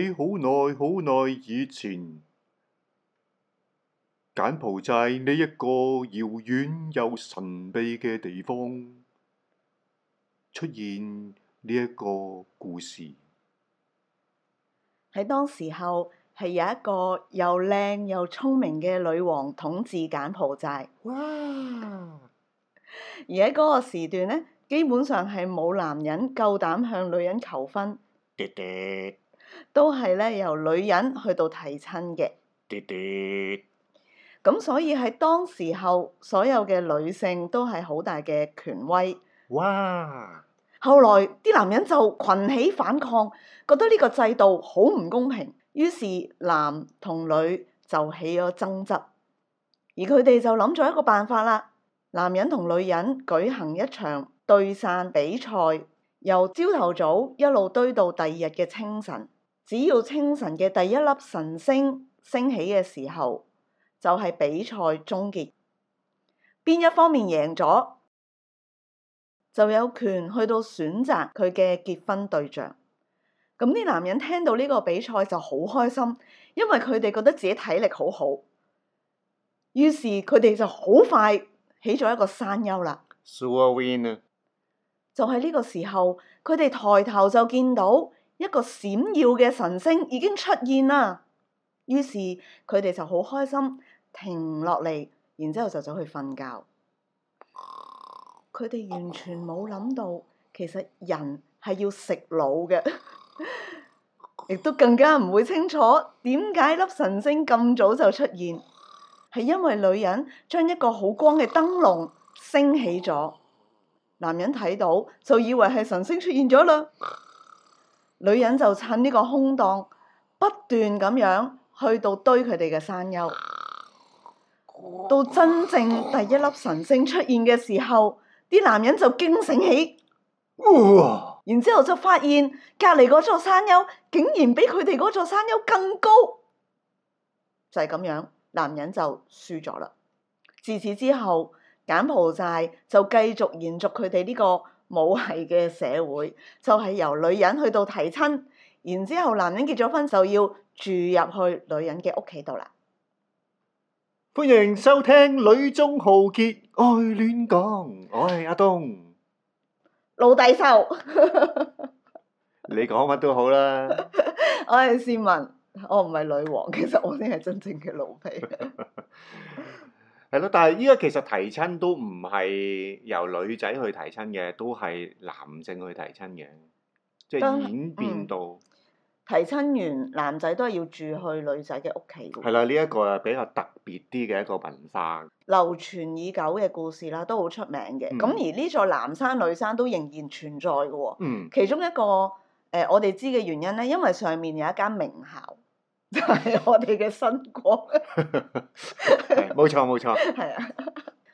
喺好耐好耐以前，柬埔寨呢一個遙遠又神秘嘅地方出現呢一個故事。喺當時候，係有一個又靚又聰明嘅女王統治柬埔寨。哇。而喺嗰個時段咧，基本上係冇男人夠膽向女人求婚。叮叮都係咧，由女人去到提親嘅，咁叮所以喺當時候，所有嘅女性都係好大嘅權威。哇！後來啲男人就群起反抗，覺得呢個制度好唔公平，於是男同女就起咗爭執，而佢哋就諗咗一個辦法啦。男人同女人舉行一場對散比賽，由朝頭早一路堆到第二日嘅清晨。只要清晨嘅第一粒晨星升起嘅時候，就係、是、比賽終結。邊一方面贏咗，就有權去到選擇佢嘅結婚對象。咁、嗯、啲男人聽到呢個比賽就好開心，因為佢哋覺得自己體力好好，於是佢哋就好快起咗一個山丘啦。娃娃就係呢個時候，佢哋抬頭就見到。一個閃耀嘅神星已經出現啦，於是佢哋就好開心，停落嚟，然之後就走去瞓覺。佢哋完全冇諗到，其實人係要食腦嘅，亦 都更加唔會清楚點解粒神星咁早就出現，係因為女人將一個好光嘅燈籠升起咗，男人睇到就以為係神星出現咗啦。女人就趁呢個空檔不斷咁樣去到堆佢哋嘅山丘，到真正第一粒神星出現嘅時候，啲男人就驚醒起，哇然之後就發現隔離嗰座山丘竟然比佢哋嗰座山丘更高，就係咁樣，男人就輸咗啦。自此之後，柬埔寨就繼續延續佢哋呢個。冇係嘅社會，就係由女人去到提親，然之後男人結咗婚就要住入去女人嘅屋企度啦。歡迎收聽《女中豪傑愛亂講》，我係阿東，老弟秀。你講乜都好啦。我係斯文，我唔係女王，其實我先係真正嘅奴婢。 係咯，但係依家其實提親都唔係由女仔去提親嘅，都係男性去提親嘅，即係演變到、嗯、提親完男仔都係要住去女仔嘅屋企。係啦，呢、這、一個啊比較特別啲嘅一個文化，流傳已久嘅故事啦，都好出名嘅。咁、嗯、而呢座男山女山都仍然存在嘅、哦。嗯，其中一個誒、呃，我哋知嘅原因咧，因為上面有一間名校。就係我哋嘅新國，冇錯冇錯。係 啊，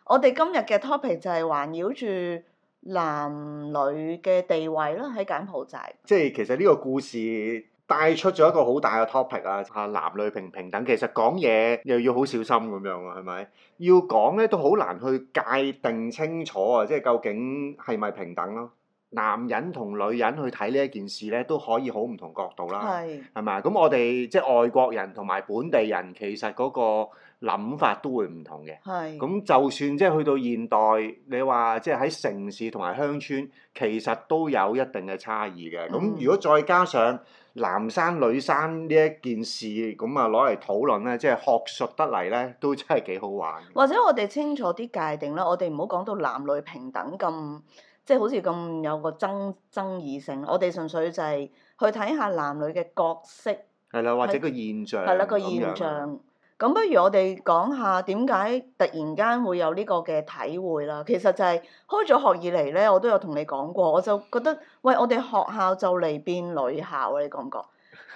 我哋今日嘅 topic 就係環繞住男女嘅地位啦，喺柬埔寨。即係其實呢個故事帶出咗一個好大嘅 topic 啊！啊，男女平平等，其實講嘢又要好小心咁樣喎，係咪？要講咧都好難去界定清楚啊！即係究竟係咪平等咯？男人同女人去睇呢一件事咧，都可以好唔同角度啦。係，係咪啊？咁我哋即係外國人同埋本地人，其實嗰個諗法都會唔同嘅。係。咁是就算即係去到現代，你話即係喺城市同埋鄉村，其實都有一定嘅差異嘅。咁、嗯、如果再加上男生女生呢一件事，咁啊攞嚟討論咧，即係學術得嚟咧，都真係幾好玩。或者我哋清楚啲界定啦，我哋唔好講到男女平等咁。即係好似咁有個爭爭議性，我哋純粹就係去睇下男女嘅角色。係啦，或者個現象咁係啦，個現象。咁不如我哋講下點解突然間會有呢個嘅體會啦？其實就係、是、開咗學以嚟咧，我都有同你講過，我就覺得，喂，我哋學校就嚟變女校、啊，你覺唔覺？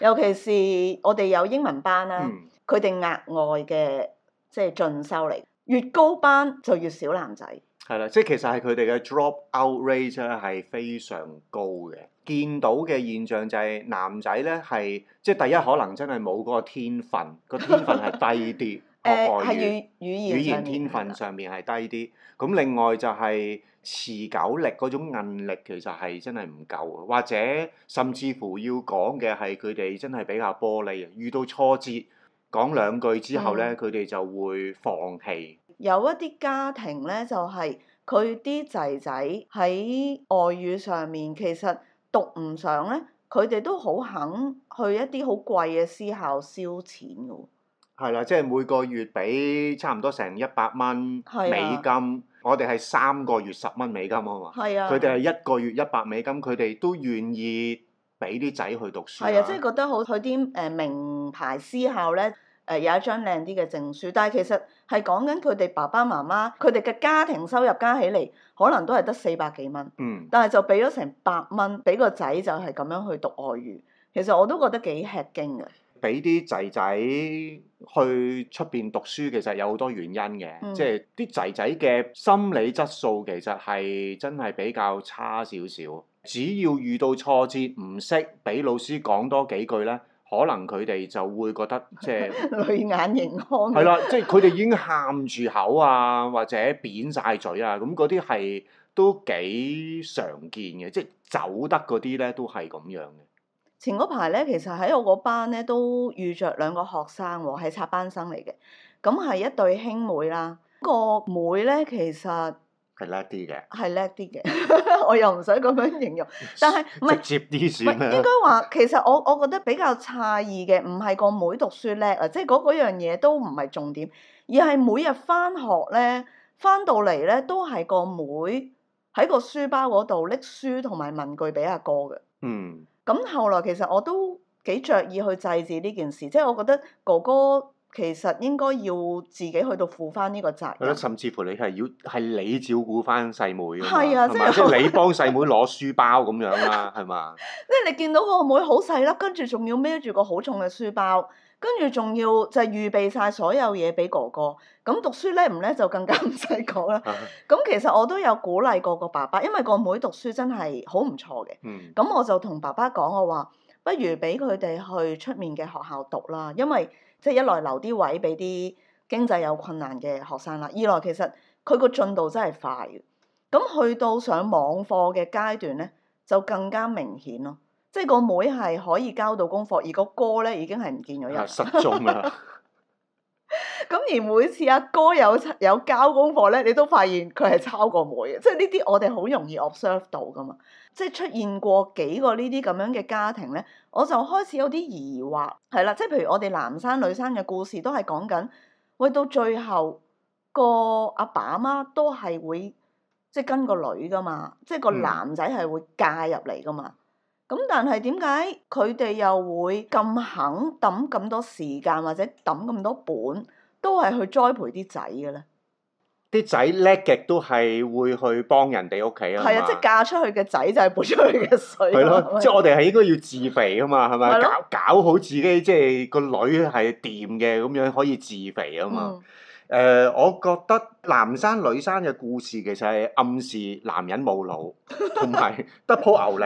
尤其是我哋有英文班啦、啊，佢哋 額外嘅即係進修嚟，越高班就越少男仔。係啦，即係其實係佢哋嘅 drop out rate 咧，係非常高嘅。見到嘅現象就係男仔咧，係即係第一可能真係冇嗰個天分，個天分係低啲。學外語 語語言語言天分上面係低啲。咁 另外就係持久力嗰種韌力其實係真係唔夠，或者甚至乎要講嘅係佢哋真係比較玻璃，遇到挫折講兩句之後咧，佢哋、嗯、就會放棄。有一啲家庭咧，就係佢啲仔仔喺外語上面其實讀唔上咧，佢哋都好肯去一啲好貴嘅私校燒錢嘅喎。係啦，即係每個月俾差唔多成一百蚊美金，的我哋係三個月十蚊美金啊嘛。係啊，佢哋係一個月一百美金，佢哋都願意俾啲仔去讀書。係啊，即係覺得好，佢啲誒名牌私校咧。誒有一張靚啲嘅證書，但係其實係講緊佢哋爸爸媽媽佢哋嘅家庭收入加起嚟，可能都係得四百幾蚊。嗯。但係就俾咗成百蚊俾個仔，就係咁樣去讀外語。其實我都覺得幾吃驚嘅。俾啲仔仔去出邊讀書，其實有好多原因嘅，即係啲仔仔嘅心理質素其實係真係比較差少少。只要遇到挫折，唔識俾老師講多幾句咧。可能佢哋就會覺得即係 淚眼盈眶了。係啦，即係佢哋已經喊住口啊，或者扁晒嘴啊，咁嗰啲係都幾常見嘅，即係走得嗰啲咧都係咁樣嘅。前嗰排咧，其實喺我嗰班咧都遇着兩個學生喎，係插班生嚟嘅，咁係一對兄妹啦。個妹咧其實係叻啲嘅，係叻啲嘅。 我又唔使咁樣形容，但係唔係應該話其實我我覺得比較詫異嘅，唔係個妹讀書叻啊，即係嗰樣嘢都唔係重點，而係每日翻學咧，翻到嚟咧都係個妹喺個書包嗰度拎書同埋文具俾阿哥嘅。嗯。咁後來其實我都幾着意去制止呢件事，即係我覺得哥哥。其實應該要自己去到負翻呢個責任，甚至乎你係要係你照顧翻細妹啊，係啊，即係你幫細妹攞書包咁樣啦，係嘛？即係你見到個妹好細粒，跟住仲要孭住個好重嘅書包，跟住仲要就係預備晒所有嘢俾哥哥。咁讀書叻唔叻就更加唔使講啦。咁其實我都有鼓勵過個爸爸，因為個妹讀書真係好唔錯嘅。咁我就同爸爸講我話。不如俾佢哋去出面嘅學校讀啦，因為即係一來留啲位俾啲經濟有困難嘅學生啦，二來其實佢個進度真係快嘅。咁去到上網課嘅階段咧，就更加明顯咯。即係個妹係可以交到功課，而個哥咧已經係唔見咗人。失蹤中啦。 咁而每次阿哥有有交功課咧，你都發現佢係抄過妹，即係呢啲我哋好容易 observe 到噶嘛。即係出現過幾個呢啲咁樣嘅家庭咧，我就開始有啲疑惑。係啦，即係譬如我哋男生女生嘅故事都係講緊，喂到最後個阿爸阿媽都係會即係跟個女噶嘛，即係個男仔係會嫁入嚟噶嘛。咁、嗯、但係點解佢哋又會咁肯抌咁多時間或者抌咁多本？都係去栽培啲仔嘅，咧，啲仔叻極都係會去幫人哋屋企啊嘛， 啊，即、就、係、是、嫁出去嘅仔就係潑出去嘅水，係咯、 啊，即、就、係、是、我哋係應該要自肥啊嘛，係咪？啊、搞搞好自己，即、就、係、是、個女係掂嘅咁樣可以自肥啊嘛。誒、嗯呃，我覺得男生女生嘅故事其實係暗示男人冇腦，同埋 得鋪牛力，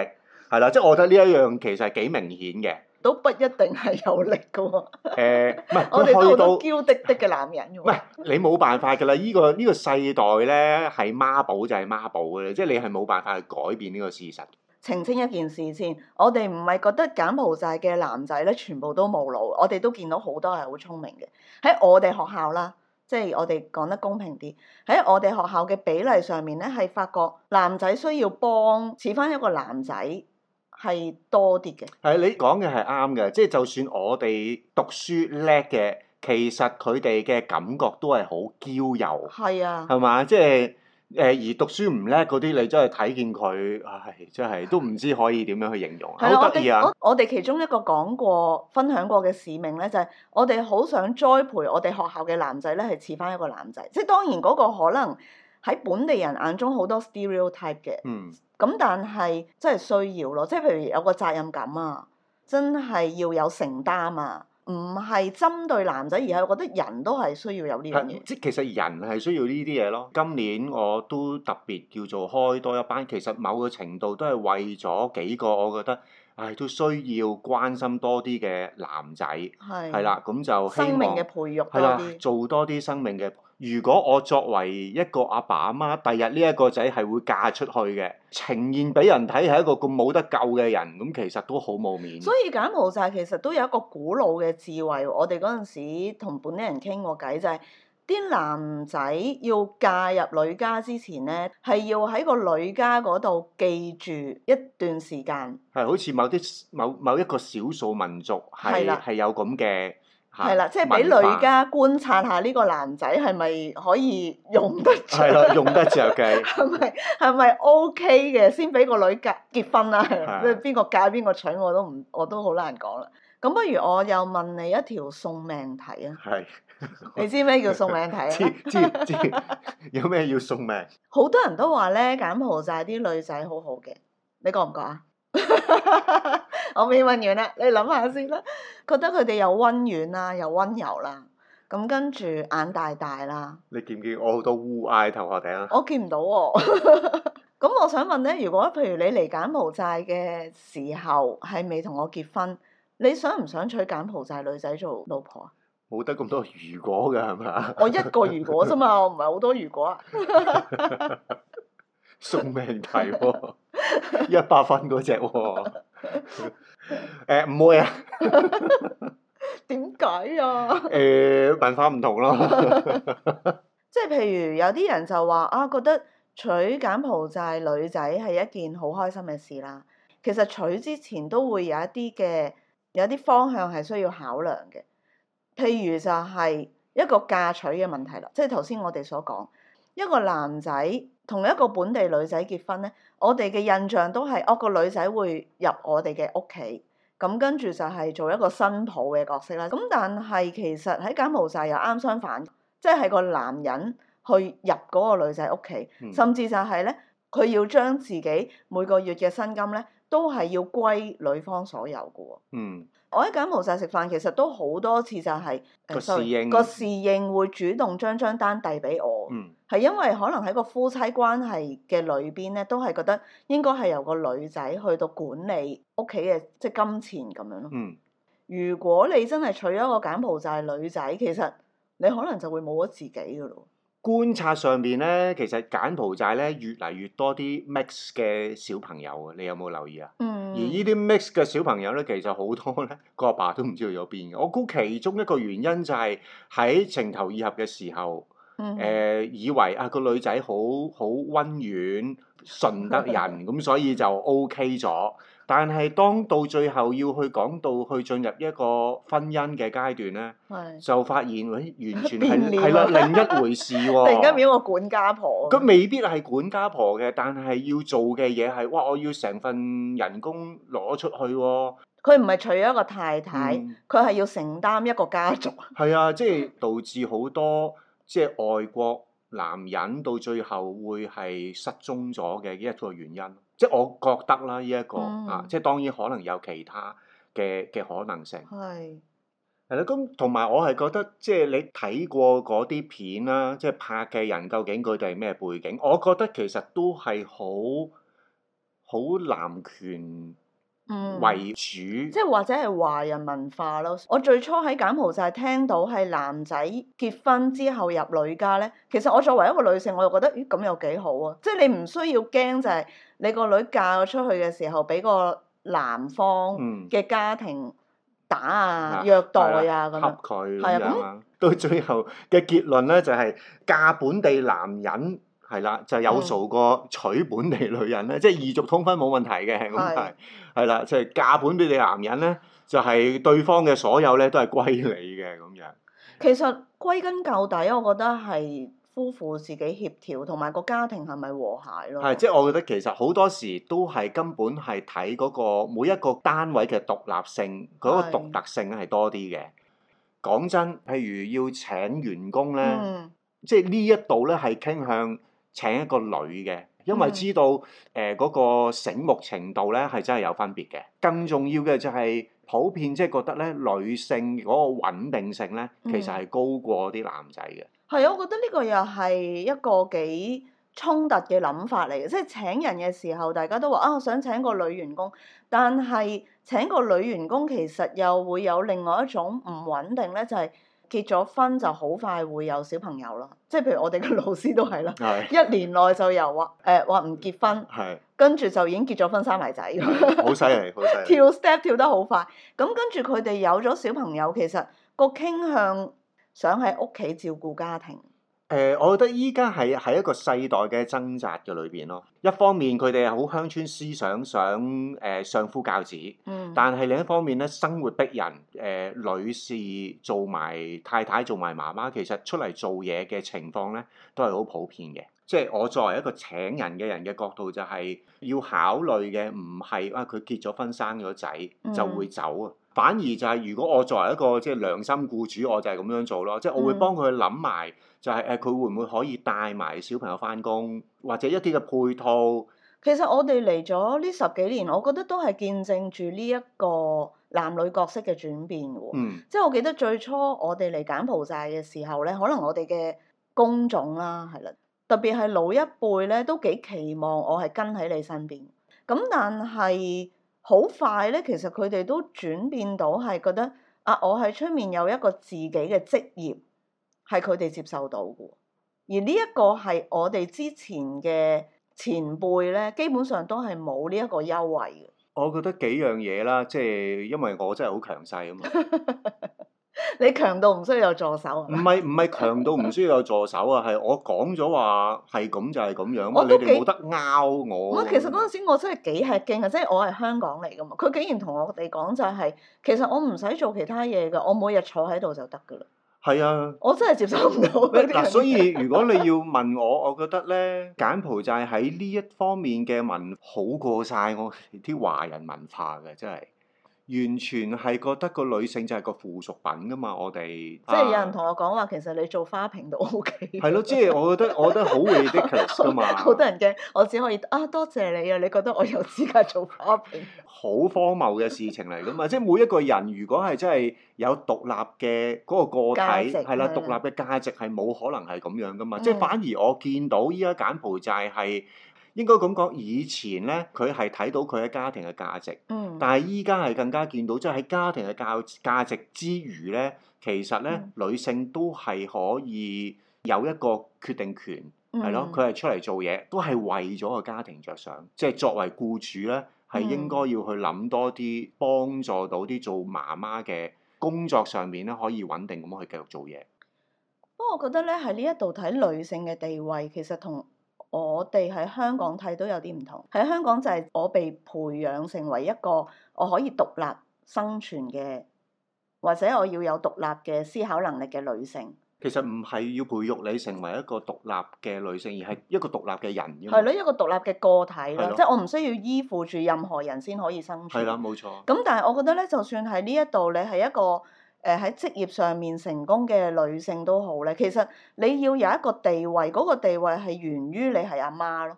係啦、啊，即、就、係、是、我覺得呢一樣其實係幾明顯嘅。都不一定係有力嘅喎。誒、 呃，唔係，我哋都好多嬌滴滴嘅男人。唔 你冇辦法㗎啦！呢個、呢個世代咧，係孖寶就係孖寶嘅，即係你係冇辦法去改變呢個事實。澄清一件事先，我哋唔係覺得柬埔寨嘅男仔咧，全部都冇腦，我哋都見到好多係好聰明嘅。喺我哋學校啦，即係我哋講得公平啲，喺我哋學校嘅比例上面咧，係發覺男仔需要幫，似翻一個男仔。係多啲嘅。係你講嘅係啱嘅，即、就、係、係、就算我哋讀書叻嘅，其實佢哋嘅感覺都係好驕傲。係啊。係嘛？即係誒，而、呃、讀書唔叻嗰啲，你真係睇見佢，係真係都唔知可以點樣去形容，好得意啊！我哋、啊、其中一個講過分享過嘅使命咧，就係、係、我哋好想栽培我哋學校嘅男仔咧，係似翻一個男仔。即係當然嗰個可能喺本地人眼中好多 stereotype 嘅。嗯。咁但係真係需要咯，即係譬如有個責任感啊，真係要有承擔啊，唔係針對男仔，而係我覺得人都係需要有呢樣嘢。即其實人係需要呢啲嘢咯。今年我都特別叫做開多一班，其實某個程度都係為咗幾個我覺得，唉都需要關心多啲嘅男仔，係啦是，咁就希望生命嘅培育多啲，做多啲生命嘅。如果我作為一個阿爸阿媽，第日呢一個仔係會嫁出去嘅，呈現俾人睇係一個咁冇得救嘅人，咁其實都好冇面。所以柬埔寨其實都有一個古老嘅智慧。我哋嗰陣時同本地人傾過偈，就係、是、啲男仔要嫁入女家之前咧，係要喺個女家嗰度記住一段時間。係好似某啲某某一個少數民族係啦，係的有咁嘅。係啦，即係俾女家觀察下呢個男仔係咪可以用得著？係咯，用得著嘅。係咪係咪 OK 嘅？先俾個女嫁結婚啦。的即係邊個嫁邊個娶我都唔，我都好難講啦。咁不如我又問你一條送命題啊？係的。你知咩叫送命題啊？ 知知知，有咩要送命？好 多人都話咧，柬埔寨啲女仔好好嘅，你覺唔覺啊？ 我未問完啦，你諗下先啦。覺得佢哋又溫軟啦，又溫柔啦，咁跟住眼大大啦。你見唔見我好多烏翳頭下頂啊？我見唔到喎。咁 我想問咧，如果譬如你嚟柬埔寨嘅時候係未同我結婚，你想唔想娶柬埔寨女仔做老婆啊？冇得咁多如果嘅係咪啊？ 我一個如果啫嘛，我唔係好多如果啊。送命題喎！一百 分嗰隻喎，唔 會、uh, 啊？點解啊？誒辦法唔同咯。 即係譬如有啲人就話啊，覺得娶柬，柬埔寨女仔係一件好開心嘅事啦。其實娶之前都會有一啲嘅有啲方向係需要考量嘅。譬如就係一個嫁娶嘅問題啦，即係頭先我哋所講一個男仔。同一個本地女仔結婚咧，我哋嘅印象都係，哦個女仔會入我哋嘅屋企，咁跟住就係做一個新抱嘅角色啦。咁但係其實喺柬埔寨又啱相反，即係個男人去入嗰個女仔屋企，甚至就係咧，佢要將自己每個月嘅薪金咧，都係要歸女方所有㗎喎。嗯。我喺柬埔寨食飯，其實都好多次就係、是、個侍應，呃、侍應會主動將張單遞俾我，係、嗯、因為可能喺個夫妻關係嘅裏邊咧，都係覺得應該係由個女仔去到管理屋企嘅即係金錢咁樣咯。嗯、如果你真係娶咗個柬埔寨女仔，其實你可能就會冇咗自己㗎咯。觀察上面咧，其實柬埔寨咧越嚟越多啲 mix 嘅小朋友啊，你有冇留意啊？嗯。而呢啲 mix 嘅小朋友咧，其實好多咧，個阿爸都唔知道有邊嘅。我估其中一個原因就係喺情投意合嘅時候，誒、嗯哼呃、以為啊個女仔好好温婉、順得人，咁、嗯哼、所以就 OK 咗。但係，當到最後要去講到去進入一個婚姻嘅階段咧，就發現喎，完全係係啦另一回事喎。突然間變一個管家婆。佢未必係管家婆嘅，但係要做嘅嘢係哇！我要成份人工攞出去喎。佢唔係娶一個太太，佢係要承擔一個家族。係啊，即係導致好多即係外國男人到最後會係失蹤咗嘅呢一個原因。即係我覺得啦，呢一個、嗯、啊，即係當然可能有其他嘅嘅可能性。係是，係啦。咁同埋我係覺得，即係你睇過嗰啲片啦、啊，即係拍嘅人究竟佢哋係咩背景？我覺得其實都係好好男權。嗯、為主，即係或者係華人文化咯。我最初喺柬埔寨聽到係男仔結婚之後入女家咧，其實我作為一個女性，我又覺得咦，咁又幾好啊！即係你唔需要驚就係、是、你個女嫁出去嘅時候俾個男方嘅家庭打啊、嗯、虐待啊咁樣，係啊。咁到嗎最後嘅結論咧就係、是、嫁本地男人。係啦，就是、有數個娶本地女人咧，是即係異族通婚冇問題嘅咁係。係啦是，就係、是、嫁本俾你男人咧，就係、是、對方嘅所有咧都係歸你嘅咁樣。其實歸根究底，我覺得係夫婦自己協調，同埋個家庭係咪和諧咯。係，即、就、係、是、我覺得其實好多時都係根本係睇嗰個每一個單位嘅獨立性，嗰、那個獨特性係多啲嘅。講是真，譬如要請員工咧，嗯、即係呢一度咧係傾向。請一個女嘅，因為知道誒嗰、呃嗰個醒目程度咧係真係有分別嘅。更重要嘅就係、係、普遍即係覺得咧女性嗰個穩定性咧，其實係高過啲男仔嘅。係啊、嗯，我覺得呢個又係一個幾衝突嘅諗法嚟嘅，即、就、係、係、請人嘅時候，大家都話啊我想請個女員工，但係請個女員工其實又會有另外一種唔穩定咧，就係、係。結咗婚就好快會有小朋友啦，即係譬如我哋嘅老師都係啦，的一年內就由話誒話唔結婚，的跟住就已經結咗婚生埋仔，好犀利，好犀利，跳 step 跳得好快。咁跟住佢哋有咗小朋友，其實個傾向想喺屋企照顧家庭。誒、呃，我覺得依家係係一個世代嘅掙扎嘅裏邊咯。一方面佢哋係好鄉村思想，想誒、呃、相夫教子。嗯。但係另一方面咧，生活逼人，誒、呃、女士做埋太太，做埋媽媽，其實出嚟做嘢嘅情況咧，都係好普遍嘅。即係我作為一個請人嘅人嘅角度，就係，就係要考慮嘅唔係啊，佢結咗婚生咗仔就會走。嗯。反而就係，如果我作為一個即係良心僱主，我就係咁樣做咯，即係我會幫佢諗埋，就係誒佢會唔會可以帶埋小朋友返工，或者一啲嘅配套。其實我哋嚟咗呢十幾年，我覺得都係見證住呢一個男女角色嘅轉變嘅、哦嗯、即係我記得最初我哋嚟柬埔寨嘅時候咧，可能我哋嘅工種啦，係啦，特別係老一輩咧，都幾期望我係跟喺你身邊。咁但係，好快咧，其實佢哋都轉變到係覺得啊，我喺出面有一個自己嘅職業，係佢哋接受到嘅。而呢一個係我哋之前嘅前輩咧，基本上都係冇呢一個優惠嘅。我覺得幾樣嘢啦，即係因為我真係好強勢吖嘛。你強到唔需要有助手啊？唔係，唔係強到唔需要有助手啊，係 我講咗話係咁就係咁樣，你哋冇得拗我。我其實嗰陣時我真係幾吃驚啊！即係我係香港嚟噶嘛，佢竟然同我哋講就係、是、其實我唔使做其他嘢噶，我每日坐喺度就得噶啦。係啊！我真係接受唔到。嗱、 啊？所以如果你要問我，我覺得咧柬埔寨就係喺呢一方面嘅文好過晒我啲華人文化嘅，真係。完全係覺得個女性就係個附屬品噶嘛，我哋即係有人同我講話，其實你做花瓶都 O K。 係咯，即係我覺得，我覺得好 ridiculous 噶嘛。 好，好多人驚，我只可以啊，多謝你啊，你覺得我有資格做花瓶？好 荒謬嘅事情嚟噶嘛！ 即係每一個人如果係真係有獨立嘅嗰個個體，係啦，獨立嘅價值係冇可能係咁樣噶嘛。嗯、即係反而我見到依家柬埔寨係。應該咁講，以前咧佢係睇到佢嘅家庭嘅價值，嗯、但係依家係更加見到，即係喺家庭嘅價，價值之餘咧，其實咧、嗯、女性都係可以有一個決定權，係、嗯、咯？佢係出嚟做嘢，都係為咗個家庭着想。即係作為僱主咧，係應該要去諗多啲幫助到啲做媽媽嘅工作上面咧，可以穩定咁去繼續做嘢。不過，我覺得咧喺呢一度睇女性嘅地位，其實同我哋喺香港睇都有啲唔同，喺香港就係我被培養成為一個我可以獨立生存嘅，或者我要有獨立嘅思考能力嘅女性。其實唔係要培育你成為一個獨立嘅女性，而係一個獨立嘅人。係咯，一個獨立嘅個體咯，即係我唔需要依附住任何人先可以生存。係啦，冇錯。咁但係我覺得咧，就算喺呢一度，你係一個。誒喺職業上面成功嘅女性都好咧，其實你要有一個地位，嗰個地位係源於你係阿媽咯。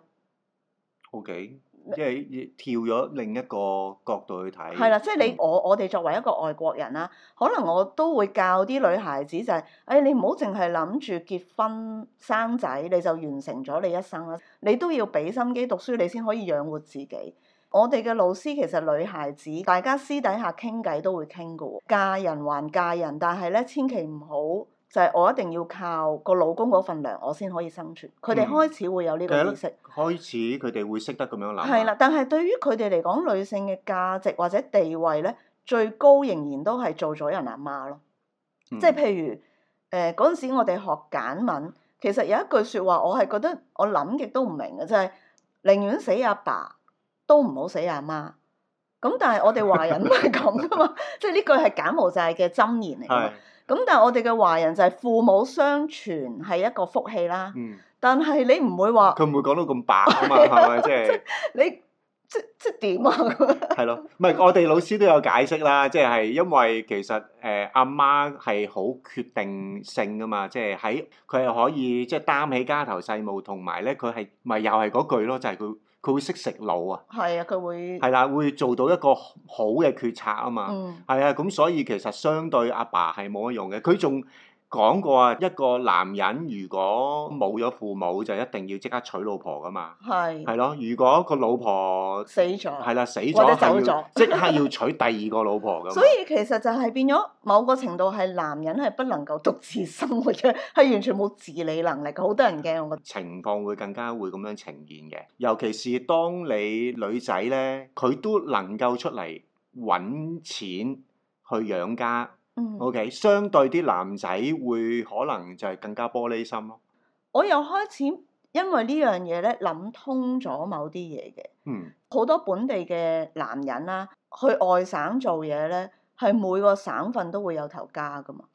OK，即係你跳咗另一個角度去睇。係啦，即係你我我哋作為一個外國人啦，可能我都會教啲女孩子就係，誒你唔好淨係諗住結婚生仔，你就完成咗你一生啦。你都要俾心機讀書，你先可以養活自己。我哋嘅老師其實女孩子，大家私底下傾偈都會傾㗎喎。嫁人還嫁人，但係咧千祈唔好就係、是、我一定要靠個老公嗰份糧，我先可以生存。佢哋開始會有呢個意識，嗯、開始佢哋會識得咁樣諗、啊。係啦，但係對於佢哋嚟講，女性嘅價值或者地位咧，最高仍然都係做咗人阿媽咯。嗯、即係譬如誒嗰陣時，我哋學簡文，其實有一句説話我，我係覺得我諗極都唔明嘅，就係寧願死阿爸，爸。都唔好死阿媽，咁但係我哋華人唔係咁噶嘛，即係呢句係柬埔寨嘅箴言嚟㗎。咁但係我哋嘅華人就係父母雙全係一個福氣啦。但係你唔會話佢唔會講到咁白啊嘛，係咪即係你即即點啊？係咯，唔係我哋老師都有解釋啦，即係因為其實誒阿媽係好決定性㗎嘛，即係喺佢係可以即係擔起家頭細務，同埋咧佢係咪又係嗰句咯，就係佢。佢會識食腦啊！係啊，佢會係啦，會做到一個好嘅決策啊嘛。係啊、嗯，咁所以其實相對阿爸係冇乜用嘅，佢仲講過啊，一個男人如果冇咗父母，就一定要即刻娶老婆噶嘛。係是。係咯，如果個老婆死咗了，係啦，死咗，走咗，即刻要娶第二個老婆咁。 所以其實就係變咗某個程度係男人係不能夠獨自生活嘅，係完全冇自理能力，好多人驚我覺得情況會更加會咁樣呈現嘅，尤其是當你女仔咧，佢都能夠出嚟揾錢去養家。嗯，OK，相對啲男仔會可能就係更加玻璃心咯、啊。我又開始因為呢樣嘢咧諗通咗某啲嘢嘅。嗯。好多本地嘅男人啦、啊，去外省做嘢咧，係每個省份都會有頭家㗎嘛。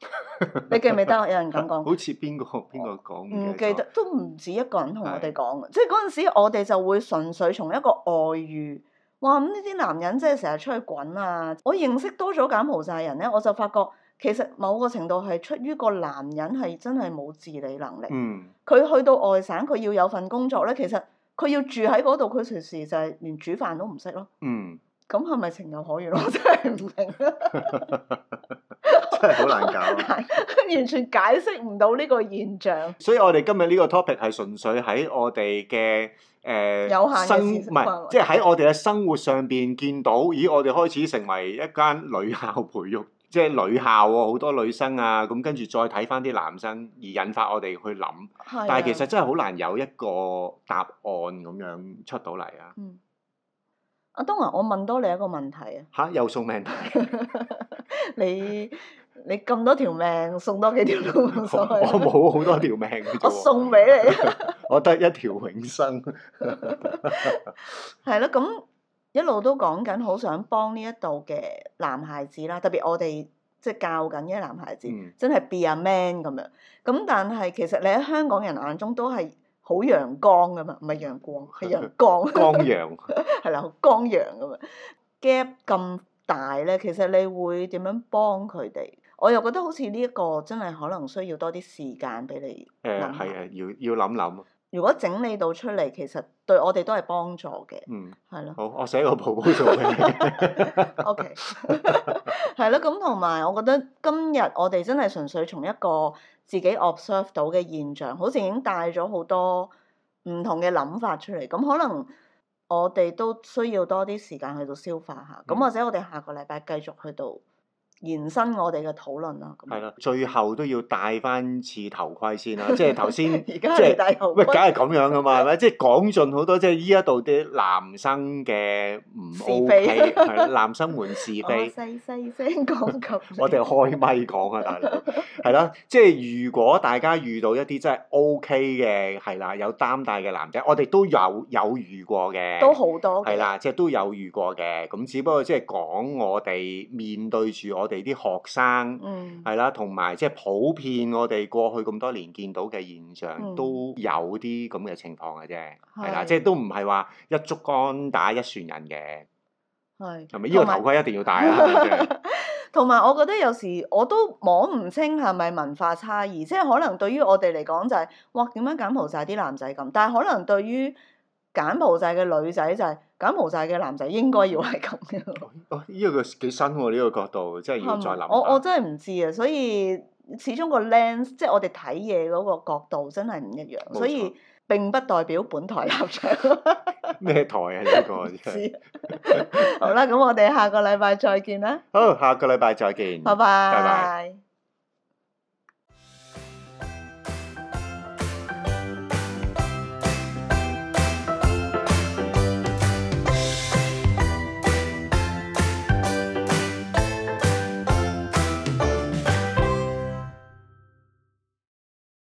你記唔記得有人咁講？好似邊個邊個講？唔記得，都唔止一個人同我哋講嘅，的即係嗰陣時我哋就會純粹從一個外遇。哇！咁呢啲男人即係成日出去滾啊！我認識多咗柬埔寨人咧，我就發覺其實某個程度係出於個男人係真係冇自理能力。嗯，佢去到外省，佢要有份工作咧，其實佢要住喺嗰度，佢隨時就係連煮飯都唔識咯。嗯，咁係咪情有可原啊？我真係唔明。 真係好難搞， 完全解釋唔到呢個現象。 所以我我，呃、我哋今日呢個 topic 係純粹喺我哋嘅誒，生唔係即係喺我哋嘅生活上邊見到，咦？我哋開始成為一間女校培育，即係女校好多女生啊，咁跟住再睇翻啲男生，而引發我哋去諗。的但係其實真係好難有一個答案咁樣出到嚟啊！阿東啊，我問多你一個問題啊！嚇，又送命題 你？你咁多條命送多幾條都冇所謂。我冇好多條命。 我送俾你。 我得一條永生。係 咯， 咁一路都講緊，好想幫呢一度嘅男孩子啦，特別我哋即係教緊啲男孩子，嗯、真係 be a man 咁樣。咁但係其實你喺香港人眼中都係好陽光噶嘛，唔係陽光係陽光。陽光， 光陽係啦， 光陽咁啊。gap 咁大咧，其實你會點樣幫佢哋？我又覺得好似呢一個真係可能需要多啲時間俾你諗。誒、呃，啊，要要諗諗。如果整理到出嚟，其實對我哋都係幫助嘅。嗯，係咯的。好，我寫個報告做畀你 O K。係咯 Okay. 咁同埋我覺得今日我哋真係純粹從一個自己 observe 到嘅現象，好似已經帶咗好多唔同嘅諗法出嚟。咁可能我哋都需要多啲時間去到消化下。咁、嗯、或者我哋下個禮拜繼續去到延伸我哋嘅討論啦，係啦，最後都要戴翻次頭盔先啦，就是、即係頭先，即係戴梗係咁樣噶嘛，係咪？即係講盡好多，即係依一度啲男生嘅唔 OK，是非笑男生們是非細細聲講及。 我哋開咪講啊，大佬，係啦，即、就、係、是、如果大家遇到一啲真係 OK 嘅，係啦，有擔帶嘅男仔，我哋都有有遇過嘅，都好多係啦，即、就、係、是、都有遇過嘅，咁只不過即係講我哋面對住我。哋啲學生，係啦、嗯，同埋即係普遍，我哋過去咁多年見到嘅現象、嗯、都有啲咁嘅情況嘅啫，係啦的，即係都唔係話一竹竿打一船人嘅，係係咪呢個頭盔一定要戴啊？同埋有我覺得有時我都摸唔清係咪文化差異，即係、 就是、可能對於我哋嚟講就係、是，哇，點樣柬埔寨啲男仔咁，但係可能對於柬埔寨嘅女仔就係、是、柬埔寨嘅男仔應該要係咁嘅。哦，呢、這個幾新喎，呢、這個角度，即係要再諗下。我我真係唔知啊，所以始終個 lens，即係我哋睇嘢嗰個角度真係唔一樣，錯所以並不代表本台立場。咩 台啊？呢、這個真係。 好啦，咁我哋下個禮拜再見啦。好，下個禮拜再見。拜拜。拜拜。